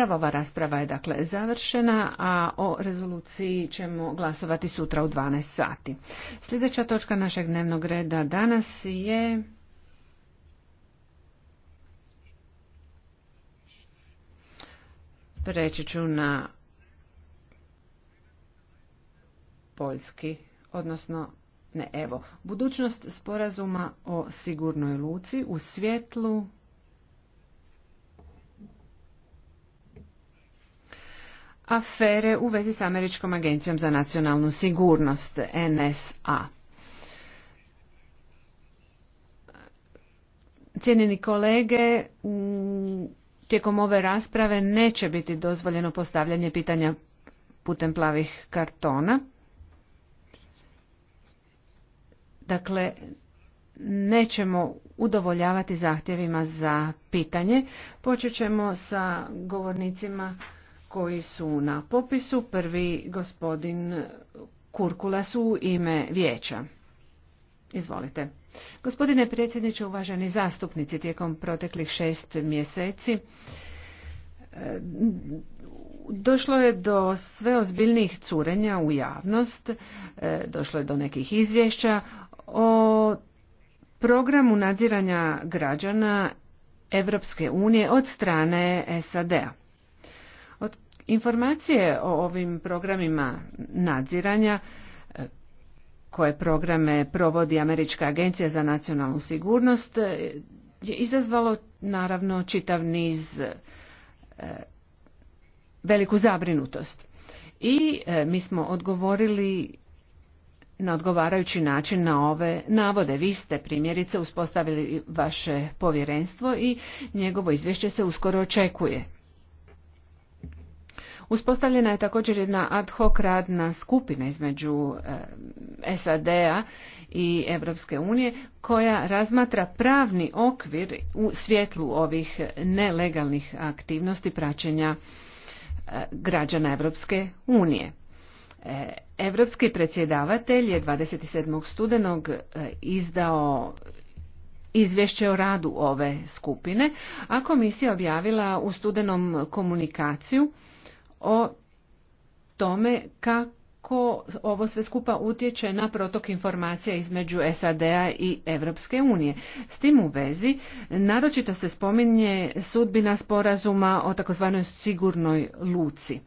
ova rasprava je dakle završena, a o rezoluciji ćemo glasovati sutra u 12 sati. Sljedeća točka našeg dnevnog reda danas je... Preći ću na poljski, odnosno ne evo, budućnost sporazuma o sigurnoj luci u svjetlu afere u vezi s Američkom agencijom za nacionalnu sigurnost NSA. Cijenjeni kolege, mm, tijekom ove rasprave neće biti dozvoljeno postavljanje pitanja putem plavih kartona. Dakle, nećemo udovoljavati zahtjevima za pitanje. Počet ćemo sa govornicima koji su na popisu. Prvi gospodin Kurkulas u ime vijeća. Izvolite. Gospodine predsjedniče, uvaženi zastupnici, tijekom proteklih šest mjeseci došlo je do sve ozbiljnijih curenja u javnost, došlo je do nekih izvješća o programu nadziranja građana Evropske unije od strane SAD-a. Informacije o ovim programima nadziranja e, koje programe provodi Američka agencija za nacionalnu sigurnost e, je izazvalo naravno čitav niz e, veliku zabrinutost. I mi smo odgovorili na odgovarajući način na ove navode. Vi ste primjerice uspostavili vaše povjerenstvo i njegovo izvješće se uskoro očekuje. Uspostavljena je također jedna ad hoc radna skupina između eh, SAD-a i Europske unije koja razmatra pravni okvir u svjetlu ovih nelegalnih aktivnosti praćenja eh, građana Europske unije. Europski eh, predsjedavatelj je 27. studenog izdao izvješće o radu ove skupine, a komisija objavila u studenom komunikaciju o tome kako ovo sve skupa utječe na protok informacija između SAD-a i Europske unije. S tim u vezi naročito se spominje sudbina sporazuma o takozvanoj sigurnoj luci.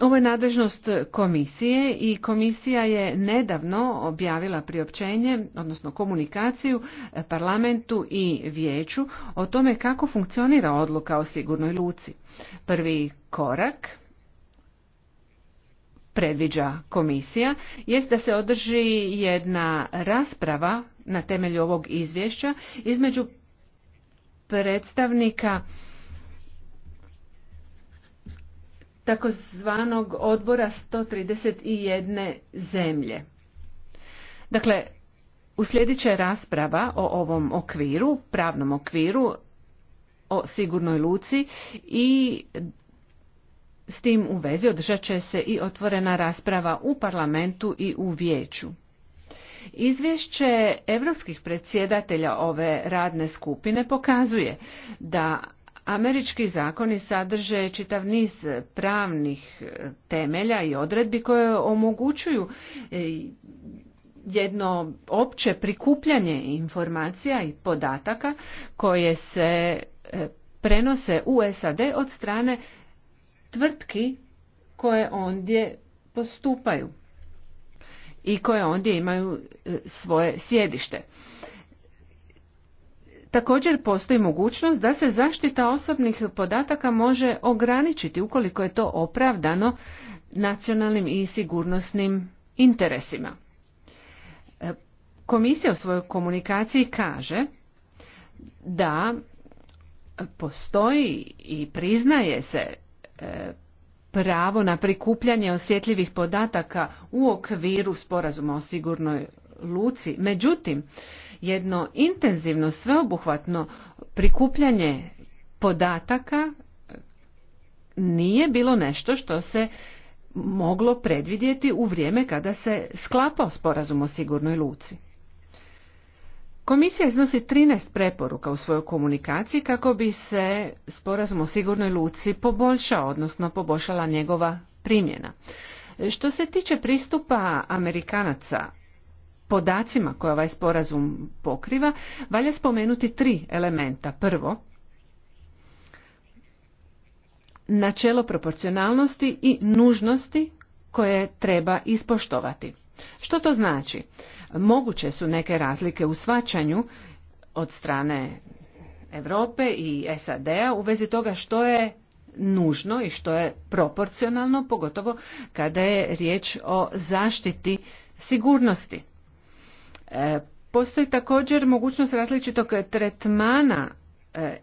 Ovo je nadležnost komisije i komisija je nedavno objavila priopćenje, odnosno komunikaciju e, parlamentu i vijeću o tome kako funkcionira odluka o sigurnoj luci. Prvi korak predviđa komisija jest da se održi jedna rasprava na temelju ovog izvješća između predstavnika takozvanog odbora 131 zemlje. Dakle, u će rasprava o ovom okviru, pravnom okviru, o sigurnoj luci i s tim u vezi održat će se i otvorena rasprava u parlamentu i u vijeću. Izvješće europskih predsjedatelja ove radne skupine pokazuje da Američki zakoni sadrže čitav niz pravnih temelja i odredbi koje omogućuju e, jedno opće prikupljanje informacija i podataka koje se e, prenose u SAD od strane tvrtki koje ondje postupaju i koje ondje imaju e, svoje sjedište. Također postoji mogućnost da se zaštita osobnih podataka može ograničiti ukoliko je to opravdano nacionalnim i sigurnosnim interesima. E, komisija u svojoj komunikaciji kaže da postoji i priznaje se e, pravo na prikupljanje osjetljivih podataka u okviru sporazuma o sigurnoj luci. Međutim, jedno intenzivno, sveobuhvatno prikupljanje podataka nije bilo nešto što se moglo predvidjeti u vrijeme kada se sklapao sporazum o sigurnoj luci. Komisija iznosi 13 preporuka u svojoj komunikaciji kako bi se sporazum o sigurnoj luci poboljšao, odnosno poboljšala njegova primjena. Što se tiče pristupa Amerikanaca podacima koje ovaj sporazum pokriva, valja spomenuti tri elementa. Prvo, načelo proporcionalnosti i nužnosti koje treba ispoštovati. Što to znači? Moguće su neke razlike u svačanju od strane Europe i SAD-a u vezi toga što je nužno i što je proporcionalno, pogotovo kada je riječ o zaštiti sigurnosti. E, postoji također mogućnost različitog tretmana e,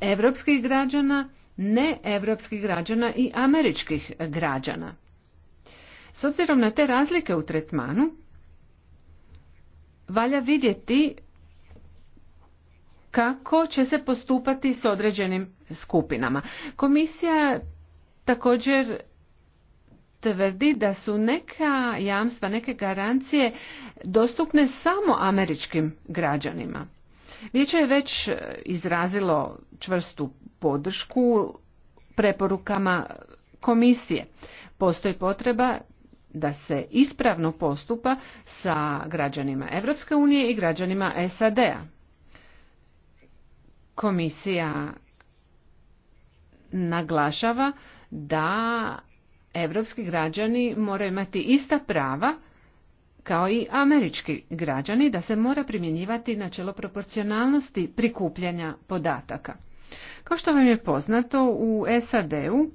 evropskih građana, neevropskih građana i američkih građana. S obzirom na te razlike u tretmanu, valja vidjeti kako će se postupati s određenim skupinama. Komisija također tvrdi da su neka jamstva, neke garancije dostupne samo američkim građanima. Vijeće je već e, izrazilo čvrstu podršku preporukama komisije. Postoji potreba da se ispravno postupa sa građanima Europske unije i građanima SAD-a. Komisija naglašava da Evropski građani moraju imati ista prava kao i američki građani da se mora primjenjivati načelo proporcionalnosti prikupljanja podataka. Kao što vam je poznato, u SAD-u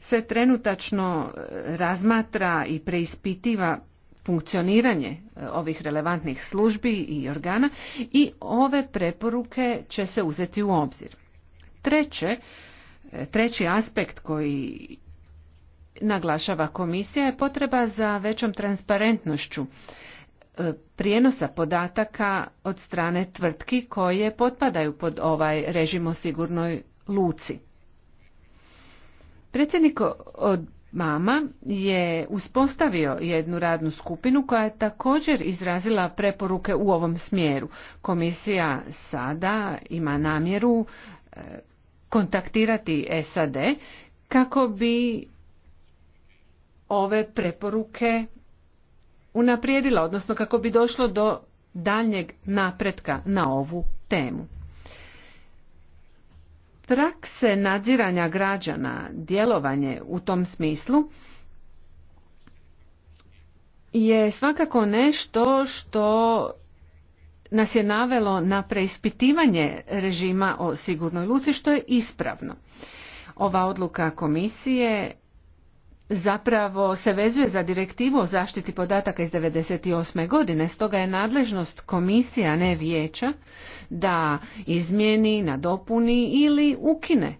se trenutačno e, razmatra i preispitiva funkcioniranje e, ovih relevantnih službi i organa i ove preporuke će se uzeti u obzir. Treće, e, treći aspekt koji naglašava komisija je potreba za većom transparentnošću e, prijenosa podataka od strane tvrtki koje potpadaju pod ovaj režim o sigurnoj luci. Predsjednik od Mama je uspostavio jednu radnu skupinu koja je također izrazila preporuke u ovom smjeru. Komisija sada ima namjeru e, kontaktirati SAD kako bi ove preporuke unaprijedila, odnosno kako bi došlo do daljnjeg napretka na ovu temu. Prakse nadziranja građana, djelovanje u tom smislu je svakako nešto što nas je navelo na preispitivanje režima o sigurnoj luci, što je ispravno. Ova odluka komisije zapravo se vezuje za direktivu o zaštiti podataka iz 1998. godine, stoga je nadležnost komisija, ne vijeća, da izmijeni, nadopuni ili ukine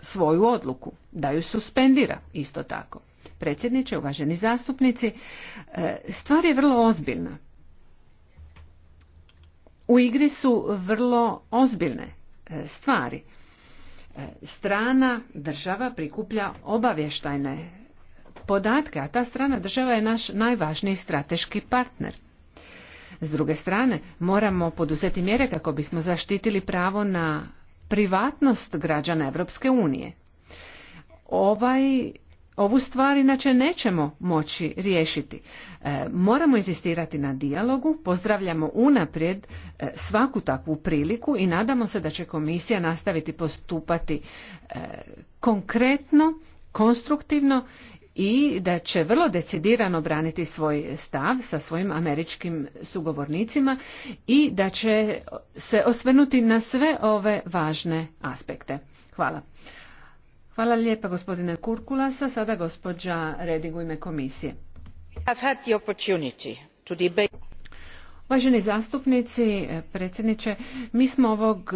svoju odluku, da ju suspendira isto tako. Predsjedniče, uvaženi zastupnici, e, stvar je vrlo ozbiljna. U igri su vrlo ozbiljne e, stvari. E, strana država prikuplja obavještajne podatke, a ta strana država je naš najvažniji strateški partner. S druge strane, moramo poduzeti mjere kako bismo zaštitili pravo na privatnost građana Europske unije. Ovaj Ovu stvar inače nećemo moći riješiti. E, moramo inzistirati na dijalogu, pozdravljamo unaprijed e, svaku takvu priliku i nadamo se da će komisija nastaviti postupati e, konkretno, konstruktivno i da će vrlo decidirano braniti svoj stav sa svojim američkim sugovornicima i da će se osvrnuti na sve ove važne aspekte. Hvala. Hvala lijepa gospodine Kurkulasa, sada gospođa Reding u ime komisije. Uvaženi zastupnici, e, predsjedniče, mi smo ovog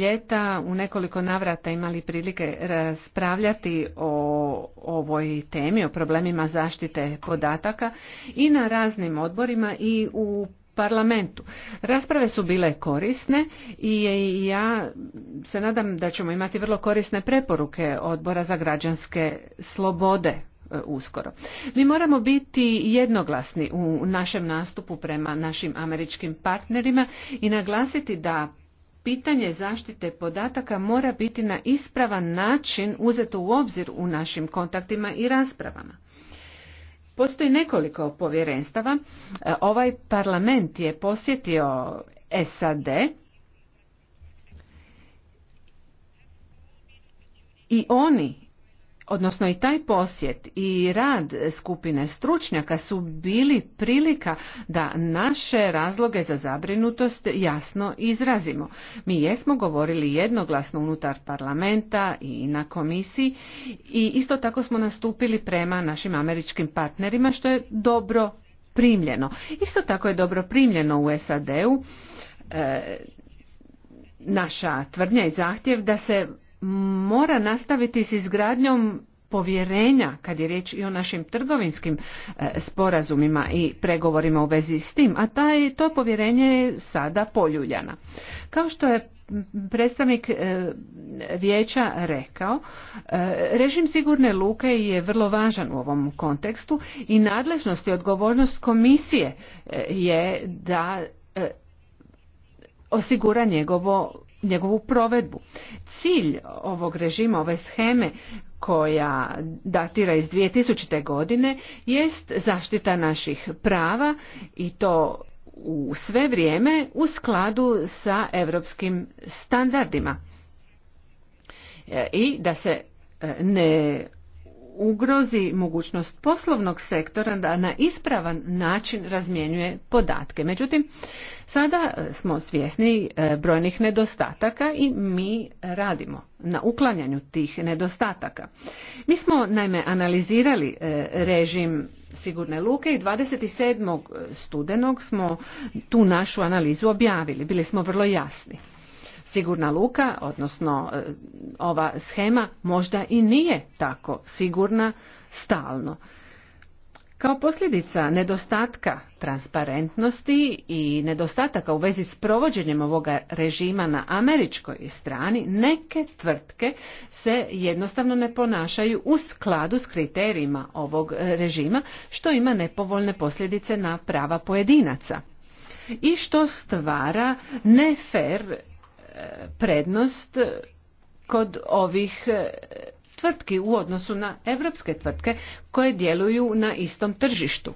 ljeta u nekoliko navrata imali prilike raspravljati o ovoj temi, o problemima zaštite podataka i na raznim odborima i u parlamentu. Rasprave su bile korisne i ja se nadam da ćemo imati vrlo korisne preporuke odbora za građanske slobode E, uskoro. Mi moramo biti jednoglasni u našem nastupu prema našim američkim partnerima i naglasiti da pitanje zaštite podataka mora biti na ispravan način uzeto u obzir u našim kontaktima i raspravama. Postoji nekoliko povjerenstava. E, ovaj parlament je posjetio SAD i oni odnosno i taj posjet i rad skupine stručnjaka su bili prilika da naše razloge za zabrinutost jasno izrazimo. Mi jesmo govorili jednoglasno unutar parlamenta i na komisiji i isto tako smo nastupili prema našim američkim partnerima što je dobro primljeno. Isto tako je dobro primljeno u SAD-u e, naša tvrdnja i zahtjev da se mora nastaviti s izgradnjom povjerenja kad je riječ i o našim trgovinskim e, sporazumima i pregovorima u vezi s tim, a taj, to povjerenje je sada poljuljana. Kao što je predstavnik e, vijeća rekao, e, režim sigurne luke je vrlo važan u ovom kontekstu i nadležnost i odgovornost komisije je da osigura njegovo njegovu provedbu. Cilj ovog režima, ove scheme koja datira iz 2000. godine jest zaštita naših prava i to u sve vrijeme u skladu sa europskim standardima e, i da se e, ne ugrozi mogućnost poslovnog sektora da na ispravan način razmjenjuje podatke. Međutim, sada e, smo svjesni e, brojnih nedostataka i mi radimo na uklanjanju tih nedostataka. Mi smo naime analizirali e, režim sigurne luke i 27. studenog smo tu našu analizu objavili. Bili smo vrlo jasni sigurna luka, odnosno e, ova schema možda i nije tako sigurna stalno. Kao posljedica nedostatka transparentnosti i nedostataka u vezi s provođenjem ovoga režima na američkoj strani, neke tvrtke se jednostavno ne ponašaju u skladu s kriterijima ovog režima, što ima nepovoljne posljedice na prava pojedinaca i što stvara nefer prednost kod ovih e, tvrtki u odnosu na evropske tvrtke koje djeluju na istom tržištu.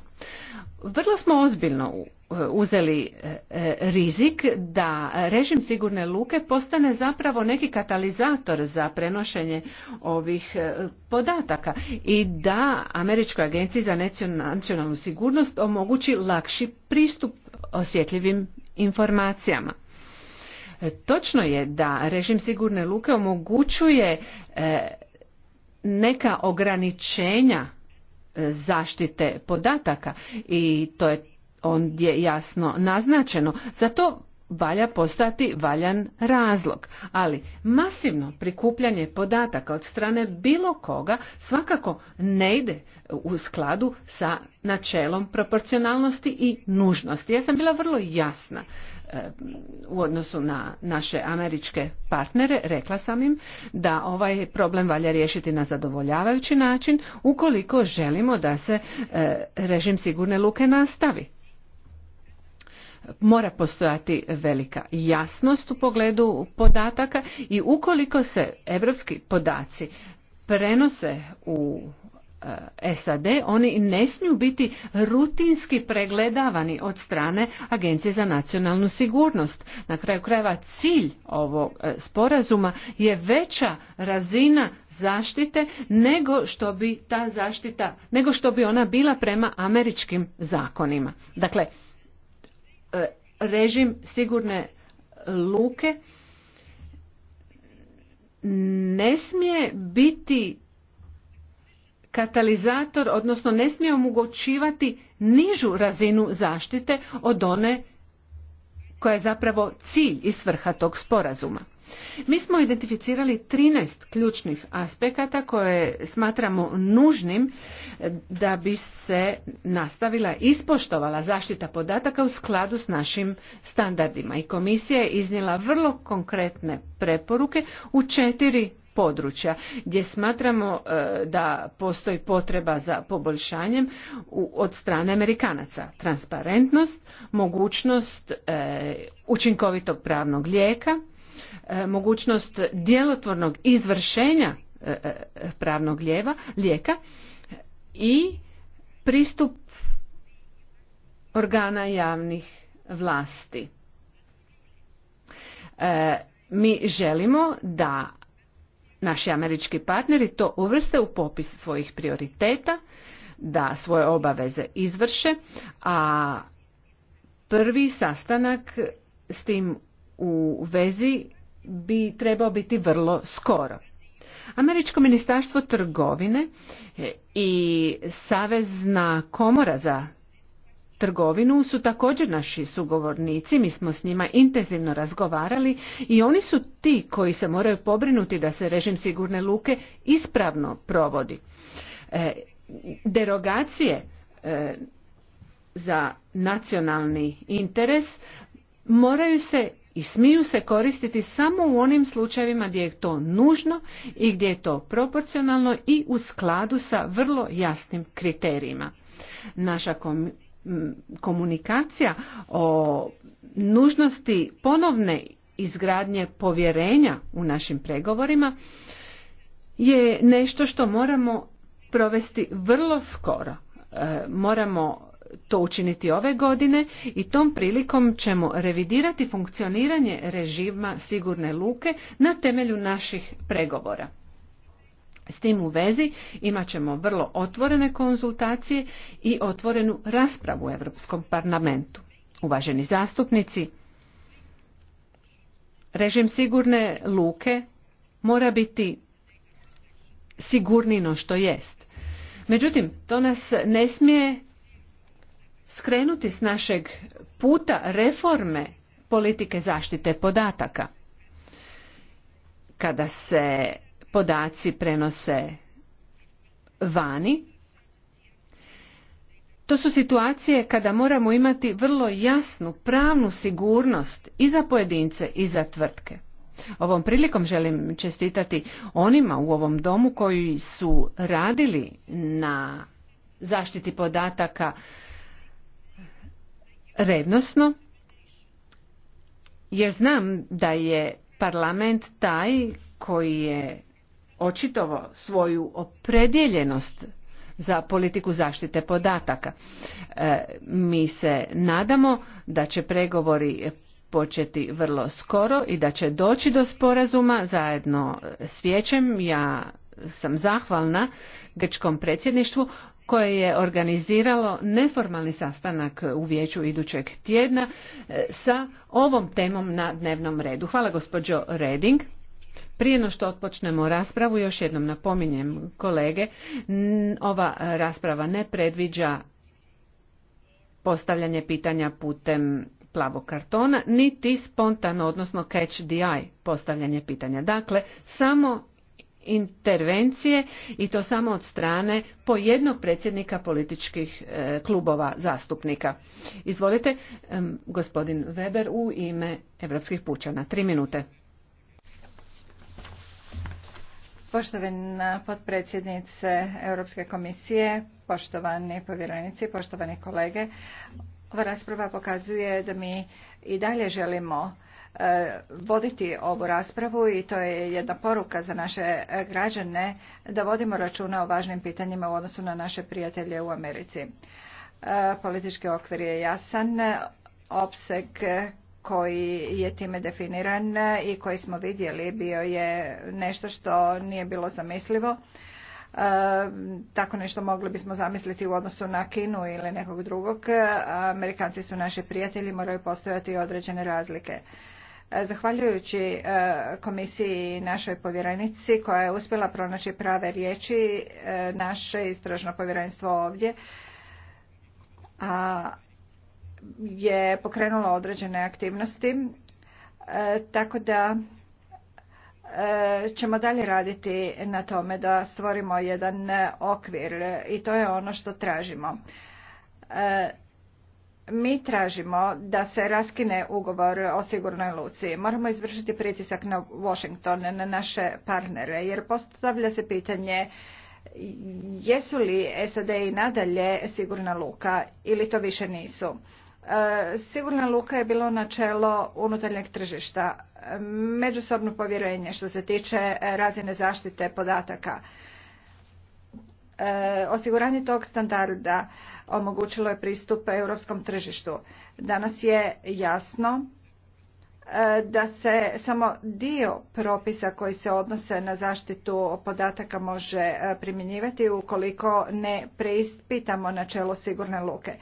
Vrlo smo ozbiljno e, uzeli e, rizik da režim sigurne luke postane zapravo neki katalizator za prenošenje ovih podataka i da Američkoj agenciji za nacionalnu sigurnost omogući lakši pristup osjetljivim informacijama. E, točno je da režim sigurne luke omogućuje e, neka ograničenja e, zaštite podataka i to je ondje jasno naznačeno. Zato valja postati valjan razlog, ali masivno prikupljanje podataka od strane bilo koga svakako ne ide u skladu sa načelom proporcionalnosti i nužnosti. Ja sam bila vrlo jasna eh, u odnosu na naše američke partnere, rekla sam im da ovaj problem valja riješiti na zadovoljavajući način ukoliko želimo da se eh, režim sigurne luke nastavi mora postojati velika jasnost u pogledu podataka i ukoliko se europski podaci prenose u e, SAD, oni ne smiju biti rutinski pregledavani od strane Agencije za nacionalnu sigurnost. Na kraju krajeva cilj ovog e, sporazuma je veća razina zaštite nego što bi ta zaštita, nego što bi ona bila prema američkim zakonima. Dakle, E, režim sigurne luke ne smije biti katalizator, odnosno ne smije omogućivati nižu razinu zaštite od one koja je zapravo cilj i svrha tog sporazuma. Mi smo identificirali 13 ključnih aspekata koje smatramo nužnim da bi se nastavila ispoštovala zaštita podataka u skladu s našim standardima i komisija je iznijela vrlo konkretne preporuke u četiri područja gdje smatramo e, da postoji potreba za poboljšanjem od strane Amerikanaca. Transparentnost, mogućnost e, učinkovitog pravnog lijeka, E, mogućnost djelotvornog izvršenja e, e, pravnog lijeva, lijeka i pristup organa javnih vlasti. Mi želimo da naši američki partneri to uvrste u popis svojih prioriteta, da svoje obaveze izvrše, a prvi sastanak s tim u vezi bi trebao biti vrlo skoro. Američko ministarstvo trgovine e, i Savezna komora za trgovinu su također naši sugovornici, mi smo s njima intenzivno razgovarali i oni su ti koji se moraju pobrinuti da se režim sigurne luke ispravno provodi. E, derogacije e, za nacionalni interes moraju se i smiju se koristiti samo u onim slučajevima gdje je to nužno i gdje je to proporcionalno i u skladu sa vrlo jasnim kriterijima. Naša komunikacija o nužnosti ponovne izgradnje povjerenja u našim pregovorima je nešto što moramo provesti vrlo skoro. E, moramo to učiniti ove godine i tom prilikom ćemo revidirati funkcioniranje režima sigurne luke na temelju naših pregovora. S tim u vezi imat ćemo vrlo otvorene konzultacije i otvorenu raspravu u Europskom parlamentu. Uvaženi zastupnici, režim sigurne luke mora biti sigurnino što jest. Međutim, to nas ne smije skrenuti s našeg puta reforme politike zaštite podataka. Kada se podaci prenose vani, to su situacije kada moramo imati vrlo jasnu pravnu sigurnost i za pojedince i za tvrtke. Ovom prilikom želim čestitati onima u ovom domu koji su radili na zaštiti podataka revnosno jer znam da je parlament taj koji je očitovo svoju opredjeljenost za politiku zaštite podataka. E, mi se nadamo da će pregovori početi vrlo skoro i da će doći do sporazuma zajedno s vijećem. Ja sam zahvalna grčkom predsjedništvu koje je organiziralo neformalni sastanak u vijeću idućeg tjedna e, sa ovom temom na dnevnom redu. Hvala gospođo Reding. Prije no što otpočnemo raspravu, još jednom napominjem kolege, ova rasprava ne predviđa postavljanje pitanja putem plavog kartona, niti spontano, odnosno catch the eye postavljanje pitanja. Dakle, samo intervencije i to samo od strane po jednog predsjednika političkih e, klubova zastupnika. Izvolite, gospodin Weber u ime Evropskih pučana. Tri minute. Poštovana potpredsjednice Europske komisije, poštovani povjerenici, poštovani kolege, ova rasprava pokazuje da mi i dalje želimo E, voditi ovu raspravu i to je jedna poruka za naše građane da vodimo računa o važnim pitanjima u odnosu na naše prijatelje u Americi. E, politički okvir je jasan, opseg koji je time definiran i koji smo vidjeli bio je nešto što nije bilo zamislivo. E, tako nešto mogli bismo zamisliti u odnosu na Kinu ili nekog drugog. Amerikanci su naši prijatelji, moraju postojati određene razlike. Zahvaljujući e, komisiji našoj povjerenici koja je uspjela pronaći prave riječi, e, naše istražno povjerenstvo ovdje a, je pokrenulo određene aktivnosti, e, tako da ćemo dalje raditi na tome da stvorimo jedan okvir i to je ono što tražimo mi tražimo da se raskine ugovor o sigurnoj luci. Moramo izvršiti pritisak na Washington, na naše partnere, jer postavlja se pitanje jesu li SAD i nadalje sigurna luka ili to više nisu. E, sigurna luka je bilo načelo unutarnjeg tržišta, međusobno povjerenje što se tiče razine zaštite podataka, e, osiguranje tog standarda, omogućilo je pristup europskom tržištu. Danas je jasno e, da se samo dio propisa koji se odnose na zaštitu podataka može e, primjenjivati ukoliko ne preispitamo načelo sigurne luke.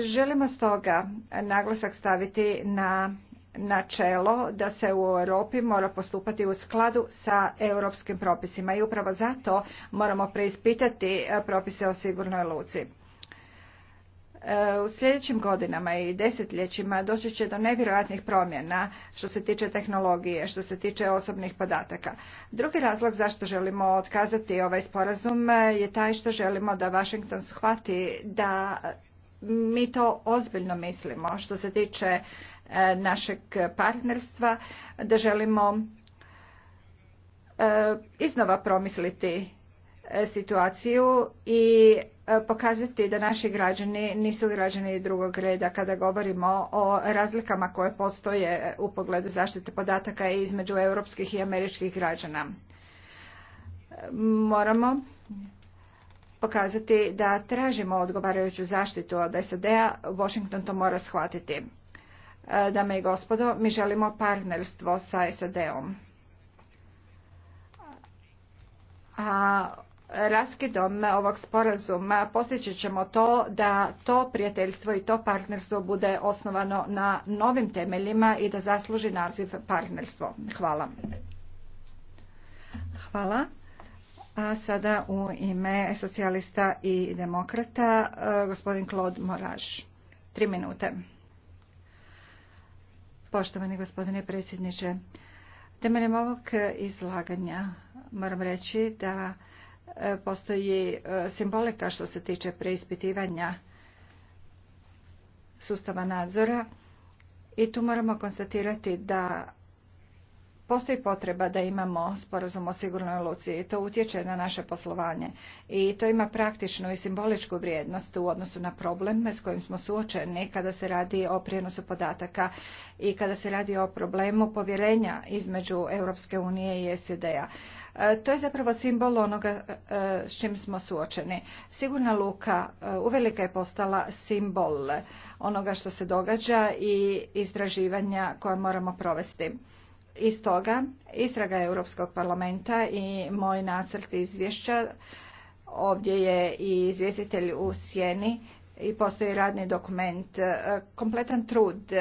Želimo stoga naglasak staviti na načelo da se u Europi mora postupati u skladu sa europskim propisima i upravo zato moramo preispitati e, propise o sigurnoj luci. E, u sljedećim godinama i desetljećima doći će do nevjerojatnih promjena što se tiče tehnologije, što se tiče osobnih podataka. Drugi razlog zašto želimo otkazati ovaj sporazum e, je taj što želimo da Washington shvati da mi to ozbiljno mislimo što se tiče našeg partnerstva, da želimo e, iznova promisliti e, situaciju i e, pokazati da naši građani nisu građani drugog reda kada govorimo o razlikama koje postoje u pogledu zaštite podataka između europskih i američkih građana. Moramo pokazati da tražimo odgovarajuću zaštitu od SAD-a, Washington to mora shvatiti. E, dame i gospodo, mi želimo partnerstvo sa SAD-om. A raskidom ovog sporazuma posjećat ćemo to da to prijateljstvo i to partnerstvo bude osnovano na novim temeljima i da zasluži naziv partnerstvo. Hvala. Hvala. A sada u ime socijalista i demokrata e, gospodin Claude Moraš. Tri minute. Poštovani gospodine predsjedniče, temeljem ovog izlaganja moram reći da e, postoji e, simbolika što se tiče preispitivanja sustava nadzora i tu moramo konstatirati da Postoji potreba da imamo sporazum o sigurnoj luci i to utječe na naše poslovanje i to ima praktičnu i simboličku vrijednost u odnosu na problem s kojim smo suočeni kada se radi o prijenosu podataka i kada se radi o problemu povjerenja između Europske unije i SED-a. E, to je zapravo simbol onoga e, s čim smo suočeni. Sigurna luka e, uvelika je postala simbol onoga što se događa i istraživanja koja moramo provesti. I stoga istraga Europskog parlamenta i moj nacrt izvješća, ovdje je i izvjestitelj u sjeni i postoji radni dokument, kompletan trud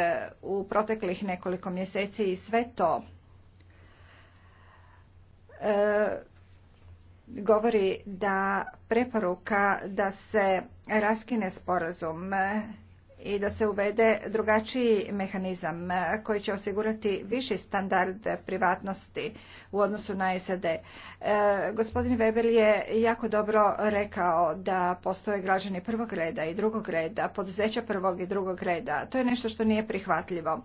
u proteklih nekoliko mjeseci i sve to e, govori da preporuka da se raskine sporazum i da se uvede drugačiji mehanizam koji će osigurati viši standard privatnosti u odnosu na SAD. E, gospodin Weber je jako dobro rekao da postoje građani prvog reda i drugog reda, poduzeća prvog i drugog reda. To je nešto što nije prihvatljivo.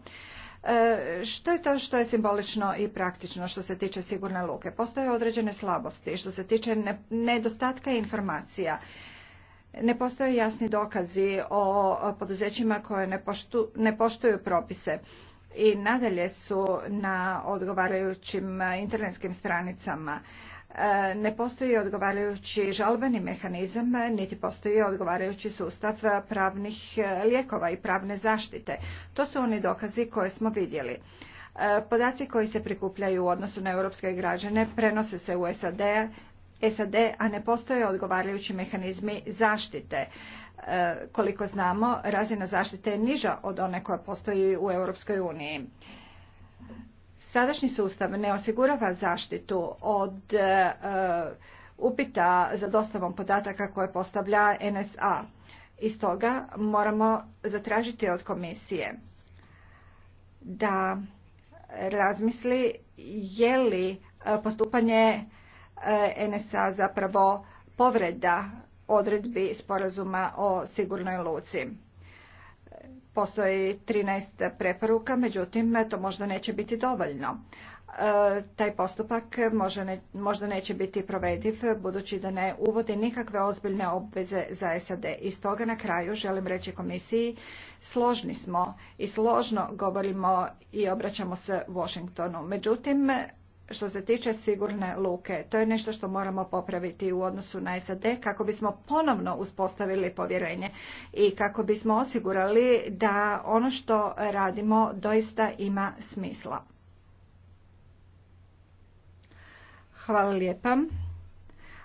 E, što je to što je simbolično i praktično što se tiče sigurne luke? Postoje određene slabosti što se tiče nedostatka informacija ne postoje jasni dokazi o poduzećima koje ne, ne poštuju propise i nadalje su na odgovarajućim internetskim stranicama e, ne postoji odgovarajući žalbeni mehanizam, niti postoji odgovarajući sustav pravnih lijekova i pravne zaštite. To su oni dokazi koje smo vidjeli. E, podaci koji se prikupljaju u odnosu na europske građane prenose se u SAD, SAD, a ne postoje odgovarajući mehanizmi zaštite. E, koliko znamo, razina zaštite je niža od one koja postoji u Europskoj uniji. Sadašnji sustav ne osigurava zaštitu od e, upita za dostavom podataka koje postavlja NSA. I toga moramo zatražiti od komisije da razmisli je li postupanje E, NSA zapravo povreda odredbi sporazuma o sigurnoj luci. Postoji 13 preporuka, međutim to možda neće biti dovoljno. E, taj postupak možda, neće biti provediv budući da ne uvodi nikakve ozbiljne obveze za SAD. I toga na kraju želim reći komisiji složni smo i složno govorimo i obraćamo se Washingtonu. Međutim, što se tiče sigurne luke, to je nešto što moramo popraviti u odnosu na SAD kako bismo ponovno uspostavili povjerenje i kako bismo osigurali da ono što radimo doista ima smisla. Hvala lijepa.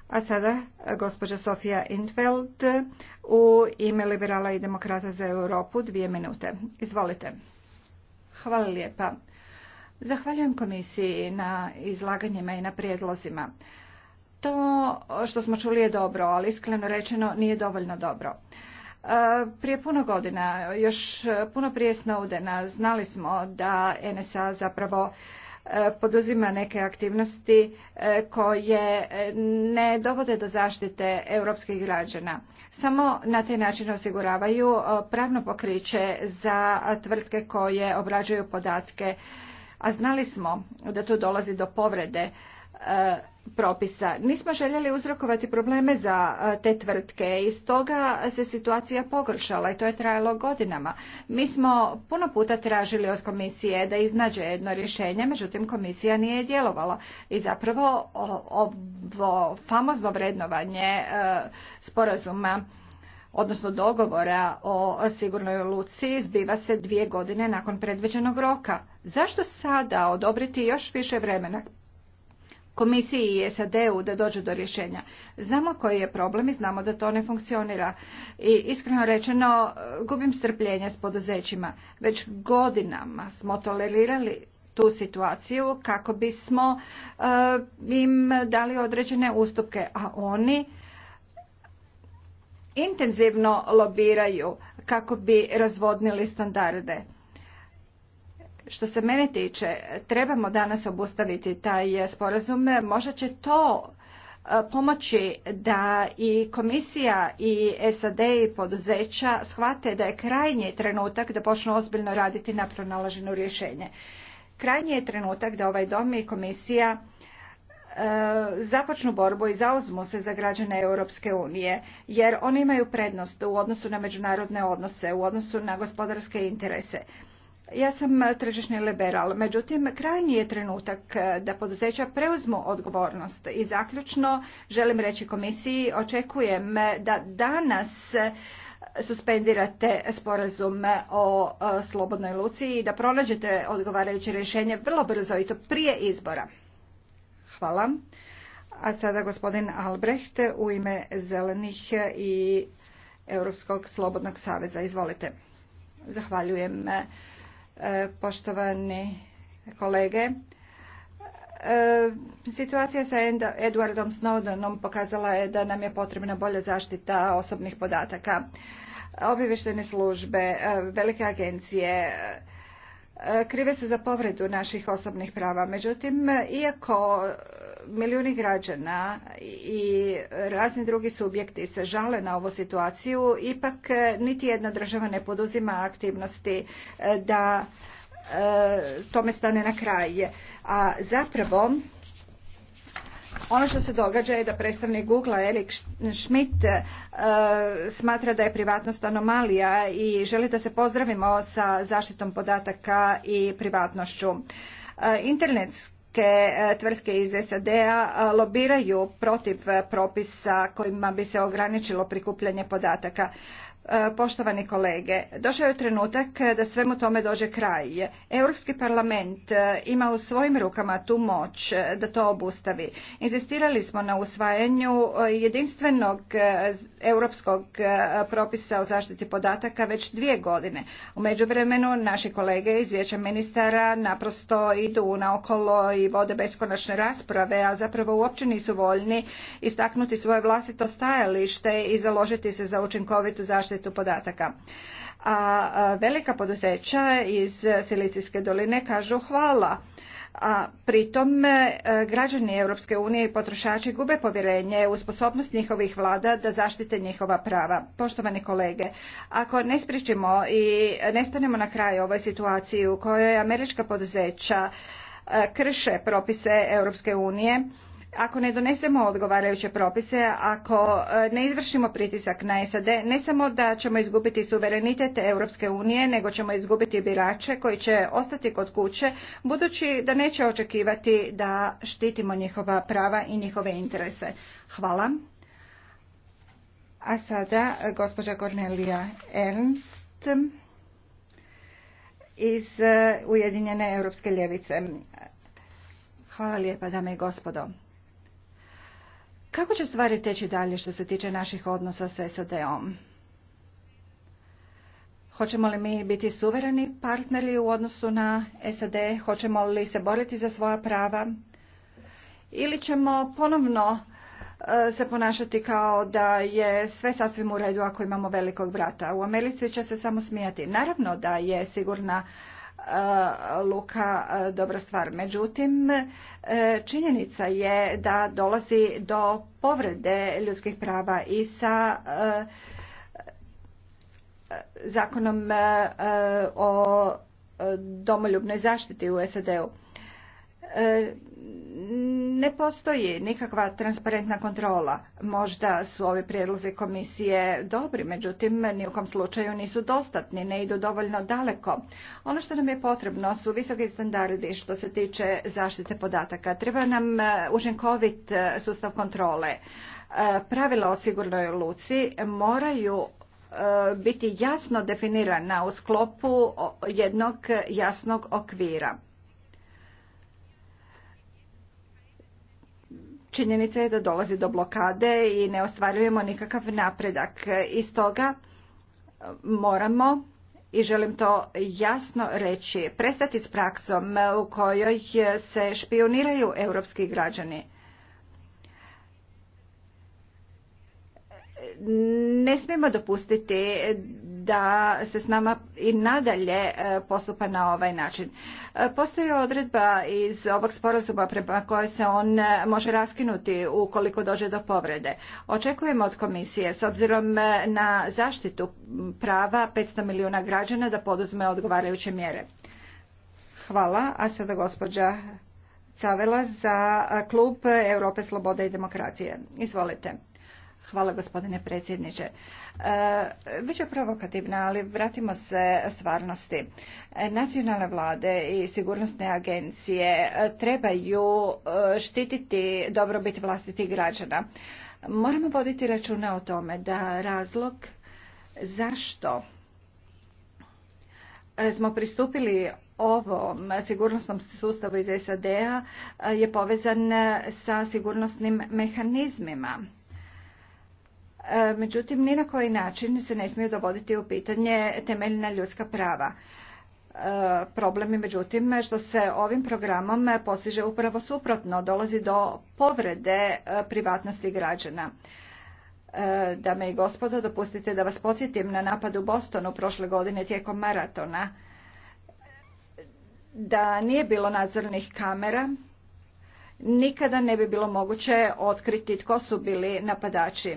A sada gospođa Sofia Intveld u ime Liberala i Demokrata za Europu dvije minute. Izvolite. Hvala lijepa. Zahvaljujem komisiji na izlaganjima i na prijedlozima. To što smo čuli je dobro, ali iskreno rečeno nije dovoljno dobro. E, prije puno godina, još puno prije Snowdena, znali smo da NSA zapravo e, poduzima neke aktivnosti e, koje ne dovode do zaštite europskih građana. Samo na taj način osiguravaju pravno pokriće za tvrtke koje obrađuju podatke a znali smo da tu dolazi do povrede e, propisa. Nismo željeli uzrokovati probleme za e, te tvrtke i stoga se situacija pogoršala i to je trajalo godinama. Mi smo puno puta tražili od komisije da iznađe jedno rješenje, međutim komisija nije djelovala i zapravo ovo famozno vrednovanje e, sporazuma odnosno dogovora o sigurnoj luci zbiva se dvije godine nakon predviđenog roka. Zašto sada odobriti još više vremena komisiji i SAD-u da dođu do rješenja. Znamo koji je problem i znamo da to ne funkcionira. I iskreno rečeno, gubim strpljenje s poduzećima. Već godinama smo tolerirali tu situaciju kako bismo eh, im dali određene ustupke, a oni intenzivno lobiraju kako bi razvodnili standarde. Što se mene tiče, trebamo danas obustaviti taj sporazum. Možda će to e, pomoći da i komisija i SAD i poduzeća shvate da je krajnji trenutak da počnu ozbiljno raditi na pronalaženju rješenje. Krajnji je trenutak da ovaj dom i komisija e, započnu borbu i zauzmu se za građane Europske unije, jer oni imaju prednost u odnosu na međunarodne odnose, u odnosu na gospodarske interese. Ja sam tržišni liberal, međutim krajnji je trenutak eh, da poduzeća preuzmu odgovornost i zaključno želim reći komisiji očekujem eh, da danas eh, suspendirate sporazum o slobodnoj luci i da pronađete odgovarajuće rješenje vrlo brzo i to prije izbora. Hvala. A sada gospodin Albrecht u ime Zelenih i Europskog slobodnog saveza. Izvolite. Zahvaljujem E, poštovani kolege. E, situacija sa Edwardom Snowdenom pokazala je da nam je potrebna bolja zaštita osobnih podataka. obavještajne službe, e, velike agencije, krive su za povredu naših osobnih prava. Međutim, iako milijuni građana i razni drugi subjekti se žale na ovu situaciju, ipak e, niti jedna država ne poduzima aktivnosti e, da e, tome stane na kraj. A zapravo ono što se događa je da predstavnik Google Erik Schmidt smatra da je privatnost anomalija i želi da se pozdravimo sa zaštitom podataka i privatnošću. Internetski neke e, tvrtke iz SAD-a e, lobiraju protiv e, propisa kojima bi se ograničilo prikupljanje podataka. Poštovani kolege, došao je trenutak da svemu tome dođe kraj. Europski parlament e, ima u svojim rukama tu moć e, da to obustavi. Inzistirali smo na usvajanju e, jedinstvenog europskog propisa o zaštiti podataka već dvije godine. U međuvremenu naši kolege iz vijeća ministara naprosto idu naokolo i vode beskonačne rasprave, a zapravo uopće nisu voljni istaknuti svoje vlastito stajalište i založiti se za učinkovitu zaštitu zaštitu podataka. A velika poduzeća iz Silicijske doline kažu hvala a pritom e, građani Europske unije i potrošači gube povjerenje u sposobnost njihovih vlada da zaštite njihova prava. Poštovani kolege, ako ne spričimo i ne stanemo na kraju ovoj situaciji u kojoj američka poduzeća e, krše propise Europske unije, ako ne donesemo odgovarajuće propise, ako e, ne izvršimo pritisak na SAD, ne samo da ćemo izgubiti suverenitet Europske unije, nego ćemo izgubiti birače koji će ostati kod kuće, budući da neće očekivati da štitimo njihova prava i njihove interese. Hvala. A sada e, gospođa Cornelia Ernst iz e, Ujedinjene Europske ljevice. Hvala lijepa, dame i gospodo. Kako će stvari teći dalje što se tiče naših odnosa s SAD-om? Hoćemo li mi biti suvereni partneri u odnosu na SAD? Hoćemo li se boriti za svoja prava? Ili ćemo ponovno e, se ponašati kao da je sve sasvim u redu ako imamo velikog brata. U Americi će se samo smijati. Naravno da je sigurna E, luka e, dobra stvar. Međutim, e, činjenica je da dolazi do povrede ljudskih prava i sa zakonom o domoljubnoj zaštiti u SAD-u ne postoji nikakva transparentna kontrola. Možda su ovi prijedlozi komisije dobri, međutim ni u kom slučaju nisu dostatni, ne idu dovoljno daleko. Ono što nam je potrebno su visoki standardi što se tiče zaštite podataka. Treba nam e, učinkovit e, sustav kontrole. E, pravila o sigurnoj luci moraju biti jasno definirana u sklopu jednog jasnog okvira. Činjenica je da dolazi do blokade i ne ostvarujemo nikakav napredak. Iz toga e, moramo i želim to jasno reći, prestati s praksom u kojoj se špioniraju europski građani. Ne smijemo dopustiti da se s nama i nadalje e, postupa na ovaj način. E, postoji odredba iz ovog sporazuma prema koje se on e, može raskinuti ukoliko dođe do povrede. Očekujemo od komisije, s obzirom na zaštitu prava 500 milijuna građana, da poduzme odgovarajuće mjere. Hvala, a sada gospođa Cavela za klub Europe slobode i demokracije. Izvolite. Hvala gospodine predsjedniče. E, Biće provokativna, ali vratimo se stvarnosti. Nacionalne vlade i sigurnosne agencije e, trebaju e, štititi dobrobit vlastitih građana. Moramo voditi računa o tome da razlog zašto smo pristupili ovom sigurnosnom sustavu iz SAD-a je povezan sa sigurnosnim mehanizmima E, međutim ni na koji način se ne smiju dovoditi u pitanje temeljna ljudska prava. E, problem je međutim što se ovim programom postiže upravo suprotno, dolazi do povrede e, privatnosti građana. Dame i gospodo, dopustite da vas podsjetim na napad u Bostonu prošle godine tijekom maratona. Da nije bilo nadzornih kamera, nikada ne bi bilo moguće otkriti tko su bili napadači.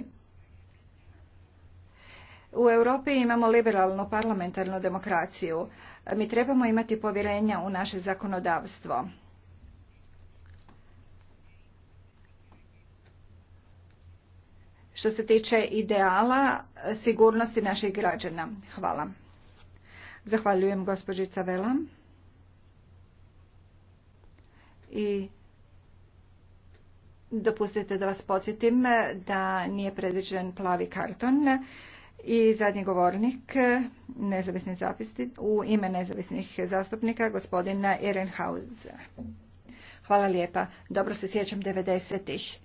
U Europi imamo liberalnu parlamentarnu demokraciju. Mi trebamo imati povjerenja u naše zakonodavstvo. Što se tiče ideala sigurnosti naših građana. Hvala. Zahvaljujem gospođi Vela. I dopustite da vas podsjetim da nije predviđen plavi karton. I zadnji govornik e, nezavisni u ime nezavisnih zastupnika gospodina Ehrenhauser. Hvala lijepa. Dobro se sjećam 90-ih.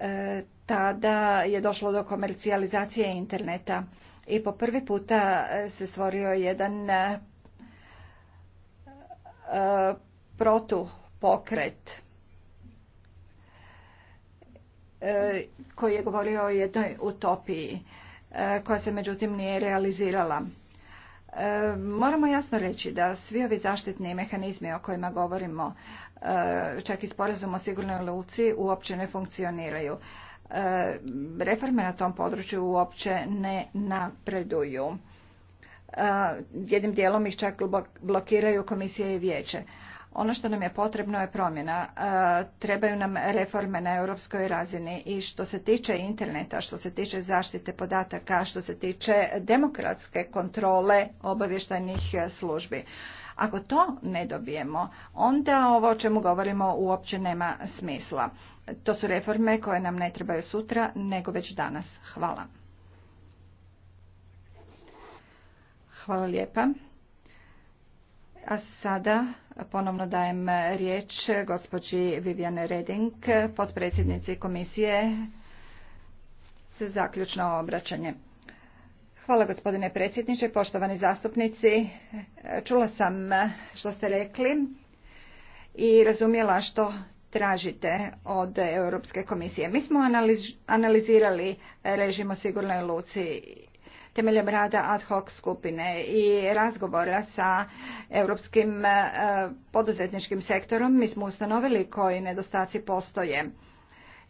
E, tada je došlo do komercijalizacije interneta i po prvi puta se stvorio jedan e, protupokret... pokret E, koji je govorio o jednoj utopiji e, koja se međutim nije realizirala. E, moramo jasno reći da svi ovi zaštitni mehanizmi o kojima govorimo, čak i sporazum o sigurnoj luci, uopće ne funkcioniraju. Reforme na tom području uopće ne napreduju. Jednim dijelom ih čak blokiraju komisije i vijeće. Ono što nam je potrebno je promjena. E, trebaju nam reforme na europskoj razini i što se tiče interneta, što se tiče zaštite podataka, što se tiče demokratske kontrole obavještajnih službi. Ako to ne dobijemo, onda ovo o čemu govorimo uopće nema smisla. To su reforme koje nam ne trebaju sutra, nego već danas. Hvala. Hvala lijepa. A sada ponovno dajem riječ gospođi Viviane Reding, potpredsjednici komisije za zaključno obraćanje. Hvala gospodine predsjedniče, poštovani zastupnici. Čula sam što ste rekli i razumjela što tražite od Europske komisije. Mi smo analizirali režim o sigurnoj luci temeljem rada ad hoc skupine i razgovora sa europskim e, poduzetničkim sektorom mi smo ustanovili koji nedostaci postoje.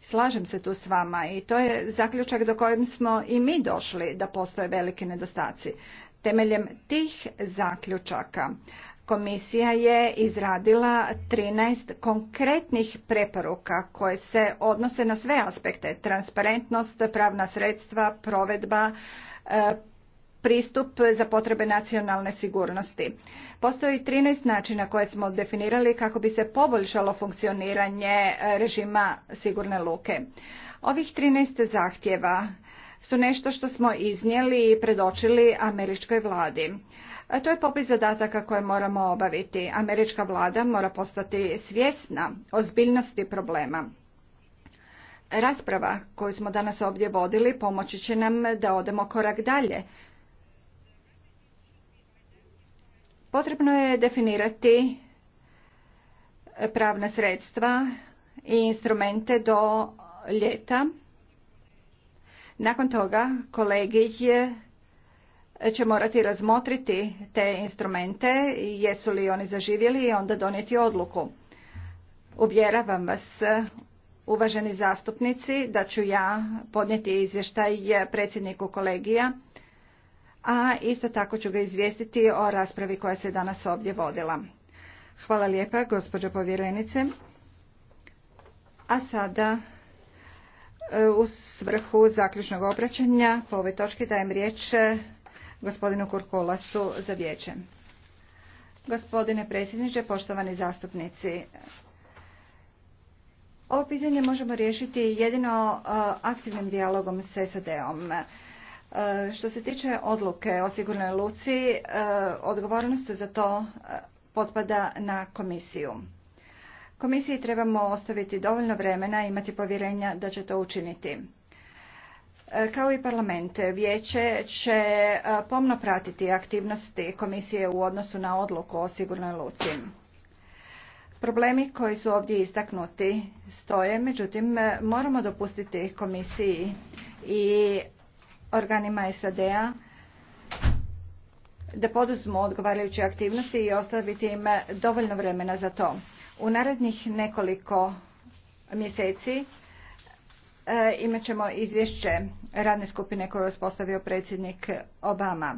Slažem se tu s vama i to je zaključak do kojem smo i mi došli da postoje veliki nedostaci. Temeljem tih zaključaka komisija je izradila 13 konkretnih preporuka koje se odnose na sve aspekte, transparentnost, pravna sredstva, provedba, E, pristup za potrebe nacionalne sigurnosti. Postoji 13 načina koje smo definirali kako bi se poboljšalo funkcioniranje e, režima sigurne luke. Ovih 13 zahtjeva su nešto što smo iznijeli i predočili američkoj vladi. E, to je popis zadataka koje moramo obaviti. Američka vlada mora postati svjesna ozbiljnosti problema. Rasprava koju smo danas ovdje vodili pomoći će nam da odemo korak dalje. Potrebno je definirati pravna sredstva i instrumente do ljeta. Nakon toga kolegi će morati razmotriti te instrumente, jesu li oni zaživjeli i onda donijeti odluku. Uvjeravam vas uvaženi zastupnici da ću ja podnijeti izvještaj predsjedniku kolegija, a isto tako ću ga izvijestiti o raspravi koja se danas ovdje vodila. Hvala lijepa, gospođo povjerenice. A sada e, u svrhu zaključnog obraćanja po ovoj točki dajem riječ e, gospodinu Kurkolasu za vijeće. Gospodine predsjedniče, poštovani zastupnici, ovo pitanje možemo riješiti jedino e, aktivnim dijalogom s SAD-om. E, što se tiče odluke o sigurnoj luci, e, odgovornost za to potpada na komisiju. Komisiji trebamo ostaviti dovoljno vremena i imati povjerenja da će to učiniti. Kao i parlament, vijeće će pomno pratiti aktivnosti komisije u odnosu na odluku o sigurnoj luci. Problemi koji su ovdje istaknuti stoje, međutim e, moramo dopustiti komisiji i organima SAD-a da poduzmu odgovarajuće aktivnosti i ostaviti im e, dovoljno vremena za to. U narednih nekoliko mjeseci e, imat ćemo izvješće radne skupine koju je uspostavio predsjednik Obama.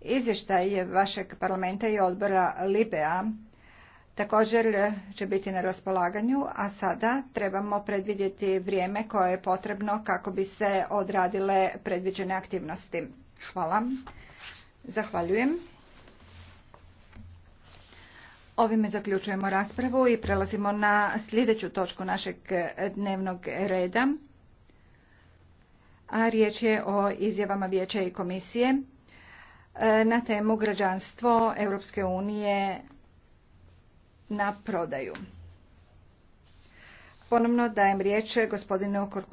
Izvještaj vašeg parlamenta i odbora Libea također e, će biti na raspolaganju, a sada trebamo predvidjeti vrijeme koje je potrebno kako bi se odradile predviđene aktivnosti. Hvala. Zahvaljujem. Ovime zaključujemo raspravu i prelazimo na sljedeću točku našeg dnevnog reda. A riječ je o izjavama Vijeća i komisije e, na temu građanstvo Europske unije na prodaju. Ponovno dajem riječ gospodinu